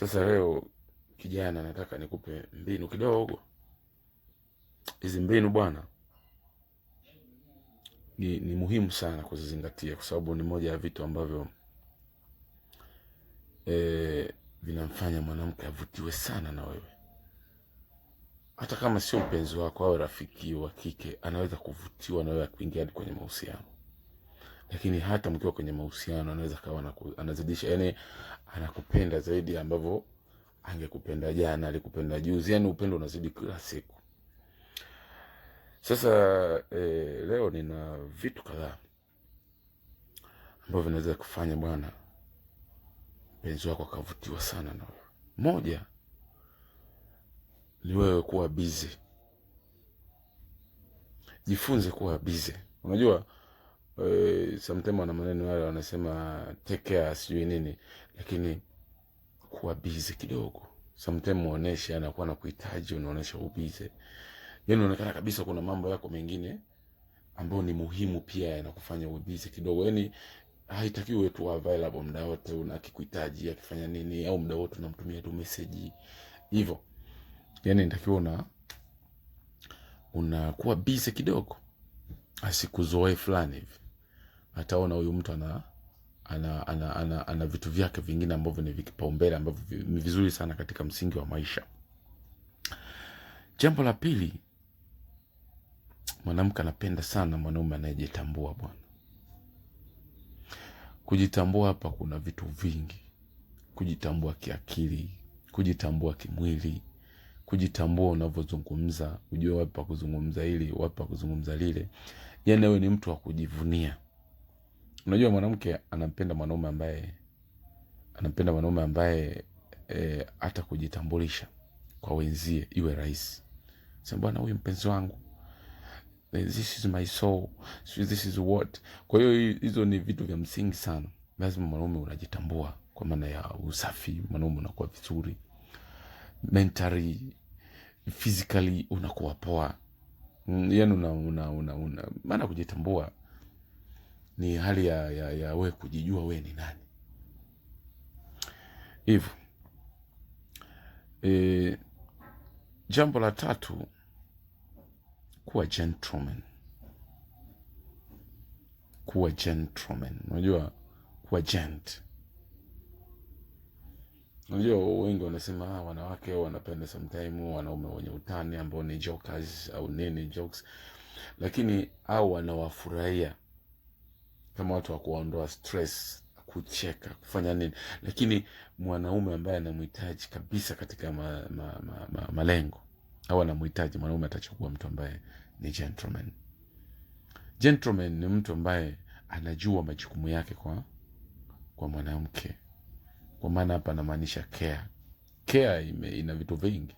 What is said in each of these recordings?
Sasa eh. leo kijana, nataka nikupe mbinu kidogo. Hizi mbinu bwana ni, ni muhimu sana kuzizingatia kwa sababu ni moja ya vitu ambavyo e, vinamfanya mwanamke avutiwe sana na wewe. Hata kama sio mpenzi wako au rafiki wa kike, anaweza kuvutiwa na wewe, akuingia hadi kwenye mahusiano lakini hata mkiwa kwenye mahusiano anaweza kawa anazidisha, yani anakupenda zaidi ambavyo angekupenda jana, alikupenda juzi, yani upendo unazidi kila siku. Sasa e, leo nina vitu kadhaa ambavyo vinaweza kufanya bwana mpenzi wako akavutiwa sana na wewe. Moja ni wewe kuwa bize, jifunze kuwa bize, unajua Eh, sometimes wana maneno wale wanasema take care sijui nini, lakini kuwa busy kidogo sometimes muoneshe anakuwa kuhitaji, unaonesha ubize, yani unaonekana kabisa kuna mambo yako mengine ambayo ni muhimu pia yanakufanya ubize kidogo, yaani haitakiwi tu available muda wote, una kikuhitaji akifanya nini, au muda wote unamtumia tu message hivyo, Yani inatakiwa una unakuwa busy kidogo, asikuzoe fulani hivi ataona huyu mtu ana ana, ana, ana, ana vitu vyake vingine ambavyo ni vikipaumbele ambavyo ni vizuri sana katika msingi wa maisha. Jambo la pili, mwanamke anapenda sana mwanaume anayejitambua. Bwana, kujitambua hapa kuna vitu vingi: kujitambua kiakili, kujitambua kimwili, kujitambua unavyozungumza, ujue wapi pa kuzungumza hili, wapi pa kuzungumza lile, yaani awe ni mtu wa kujivunia Unajua mwanamke anampenda mwanaume ambaye anampenda mwanaume ambaye e, hata kujitambulisha kwa wenzie iwe rahisi. Sema bwana, huyu mpenzi wangu, this is my soul, this is what. Kwa hiyo hizo ni vitu vya msingi sana, lazima mwanaume unajitambua kwa maana ya usafi, mwanaume unakuwa vizuri mentally, physically unakuwa poa, mm, yani una, una, una, una maana kujitambua ni hali ya, ya, ya we kujijua we ni nani hivyo. E, jambo la tatu kuwa gentleman, kuwa gentleman. Unajua kuwa gent, unajua wengi wanasema ah, wanawake wanapenda sometime wanaume wenye utani ambao ni jokers au nini jokes, lakini au wanawafurahia kama watu wa kuondoa stress, kucheka, kufanya nini, lakini mwanaume ambaye anamhitaji kabisa katika ma, ma, ma, ma, malengo au anamhitaji mwanaume, atachukua mtu ambaye ni gentleman. Gentleman ni mtu ambaye anajua majukumu yake kwa kwa mwanamke. Kwa maana hapa anamaanisha care. Care ina vitu vingi.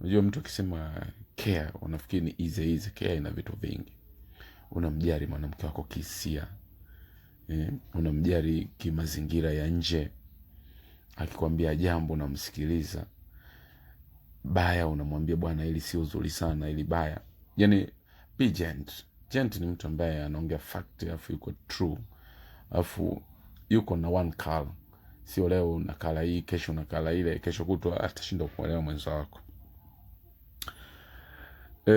Unajua mtu akisema care unafikiri ni easy easy. Care ina vitu vingi. Unamjali mwanamke wako kihisia, eh, unamjali kimazingira ya nje. Akikwambia jambo unamsikiliza, baya unamwambia bwana, ili sio zuri sana, ili baya. Yani be gent. Gent ni mtu ambaye anaongea fact alafu yuko true alafu yuko na one call, sio leo nakala hii, kesho nakala ile, kesho kutwa atashinda kuelewa mwenza wako. E,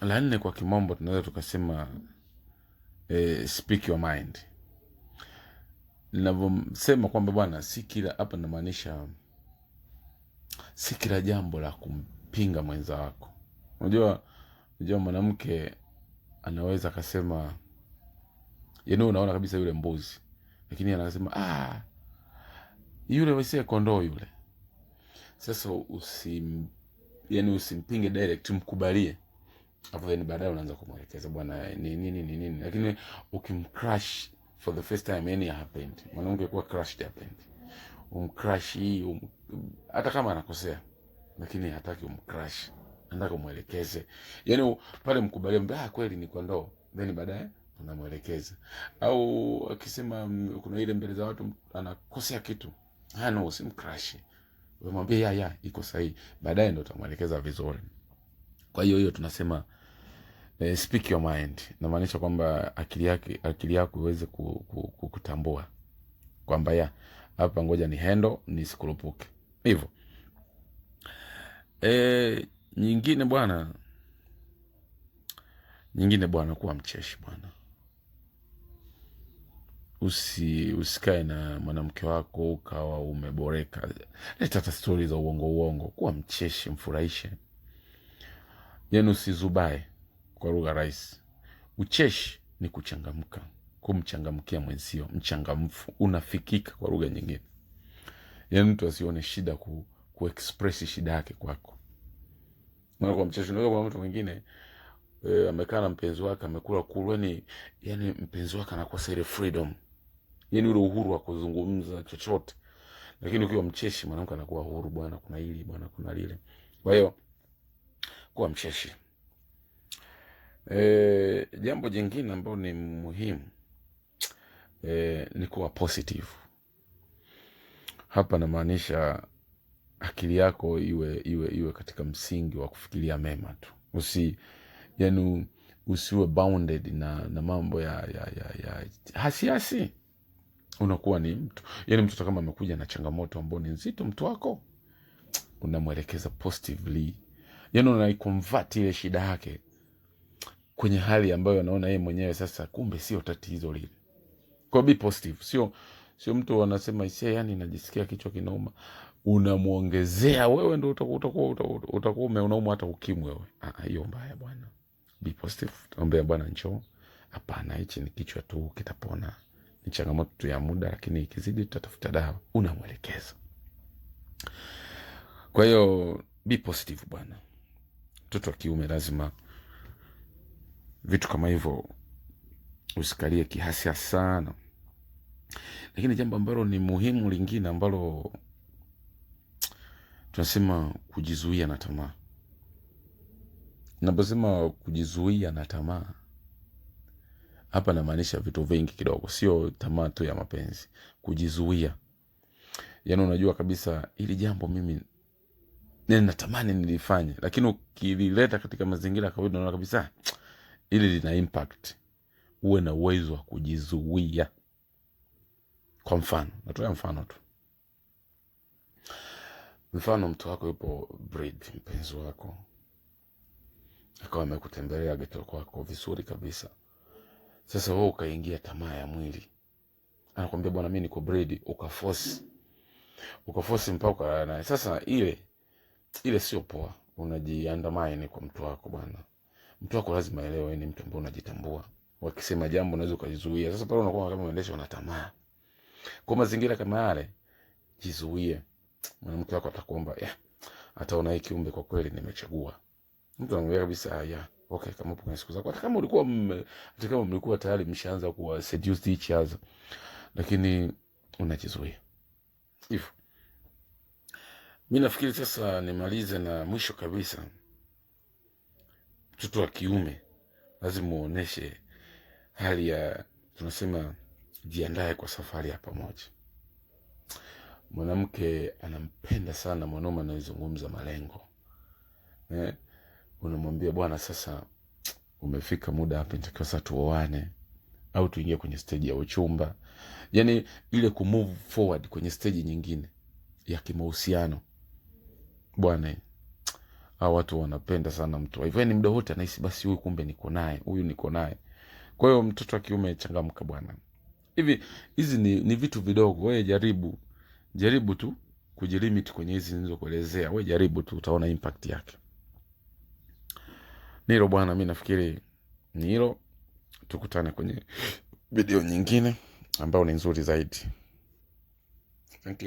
la nne kwa kimombo tunaweza tukasema eh, speak your mind. Ninavyosema kwamba bwana, si kila hapa, namaanisha si kila jambo la kumpinga mwenza wako. Unajua, unajua mwanamke anaweza akasema, yaani unaona kabisa yule mbuzi, lakini anasema ah, yule wasie kondoo yule. Sasa usim, yani usimpinge direct, mkubalie hapo then baadaye unaanza kumwelekeza bwana ni nini ni nini, lakini ukimcrush for the first time any happened. Mwanamke kuwa crushed happened, umcrush hii um, hata kama anakosea lakini hataki umcrush, anataka umwelekeze, yani pale mkubalie mbaya, ah, kweli ni kwa ndoo, then baadaye unamwelekeza. Au akisema kuna ile mbele za watu anakosea kitu, ah no, usimcrush, wemwambie ya ya iko sahihi, baadaye ndo utamwelekeza vizuri. Kwa hiyo hiyo tunasema eh, speak your mind, namaanisha kwamba akili yake akili yako iweze kukutambua kwamba ya hapa, ngoja ni hendo nisikurupuke hivyo. Eh, nyingine bwana, nyingine bwana, kuwa mcheshi bwana. Usi, usikae na mwanamke wako ukawa umeboreka. Leta hata stori za uongo uongo, kuwa mcheshi, mfurahishe yani usizubae kwa lugha rahisi. Ucheshi ni kuchangamka, kumchangamkia mwenzio, mchangamfu, unafikika kwa lugha nyingine, yani mtu asione shida ku, kuexpress shida yake kwako. Maana kwa mcheshi unaweza kwa mtu mwingine e, amekaa na mpenzi wake amekula kulu, yani yani mpenzi wake anakosa ile freedom, yani ule uhuru wa kuzungumza chochote, lakini ukiwa mcheshi mwanamke anakuwa huru, bwana kuna hili bwana kuna lile, kwa hiyo kuwa mcheshi. E, jambo jingine ambayo ni muhimu e, ni kuwa positive. Hapa namaanisha akili yako iwe iwe iwe katika msingi wa kufikiria mema tu, usi yani usiwe bounded na, na mambo ya, ya, ya, ya Unakuwa ni mtu yani, mtu kama amekuja na changamoto ambayo ni nzito, mtu wako unamwelekeza positively yani unaikonvert ile shida yake kwenye hali ambayo anaona yeye mwenyewe sasa, kumbe sio tatizo lile. Kwa be positive, sio sio mtu anasema hisia, yani najisikia kichwa kinauma, unamwongezea wewe, ndo utakuwa utakuwa umenauma hata ukimwi wewe. Ah, hiyo mbaya bwana. Be positive, tuombea bwana, njoo hapana, hichi ni kichwa tu, kitapona, ni changamoto tu ya muda, lakini ikizidi tutatafuta dawa. Unamwelekeza. Kwa hiyo be positive bwana mtoto wa kiume lazima vitu kama hivyo usikalie kihasia sana. Lakini jambo ambalo ni muhimu lingine ambalo tunasema kujizuia na tamaa. Naposema kujizuia na tamaa hapa namaanisha vitu vingi kidogo, sio tamaa tu ya mapenzi. Kujizuia yaani, unajua kabisa hili jambo mimi Yaani natamani nilifanye, lakini ukilileta katika mazingira ya kawaida unaona kabisa ili lina impact. Uwe na uwezo wa kujizuia. Kwa mfano, natoa mfano tu, mfano mtu wako yupo brid, mpenzi wako akawa amekutembelea geto kwako vizuri kabisa, sasa wewe ukaingia tamaa ya mwili, anakwambia bwana, mi niko brid, ukafosi ukafosi mpaka naye sasa ile ile sio poa, unajiandamaini kwa mtu wako bwana. Mtu wako lazima elewe ni mtu ambaye unajitambua. Wakisema jambo unaweza ukajizuia. Sasa pale unakuwa kama unaendeshwa una tamaa. Kwa mazingira kama yale, jizuie. Mwanamke wako atakuomba, "Eh, ataona hiki kiumbe kwa kweli nimechagua." Mtu anamwambia kabisa, "Ya, okay, kama upo kwenye siku zako." Hata kama ulikuwa mme, hata kama mlikuwa tayari mshaanza kuwa seduce each other. Lakini unajizuia. Hivyo Mi nafikiri sasa nimalize na mwisho kabisa, mtoto wa kiume lazima uoneshe hali ya tunasema, jiandae kwa safari ya pamoja. Mwanamke anampenda sana mwanaume anayezungumza malengo eh? Unamwambia bwana, sasa umefika muda hapa, nitakiwa sasa tuoane au tuingie kwenye steji ya uchumba, yani ile kumove forward kwenye steji nyingine ya kimahusiano bwana hao watu wanapenda sana mtu hivyo, yani muda wote anahisi basi, huyu kumbe niko naye, huyu niko naye. Kwa hiyo mtoto wa kiume changamka bwana. Hivi hizi ni, ni vitu vidogo. Wewe jaribu jaribu tu kujilimit kwenye hizi nilizokuelezea, wewe jaribu tu, utaona impact yake. Nilo bwana, mi nafikiri ni hilo. Tukutane kwenye video nyingine ambayo ni nzuri zaidi. Thank you.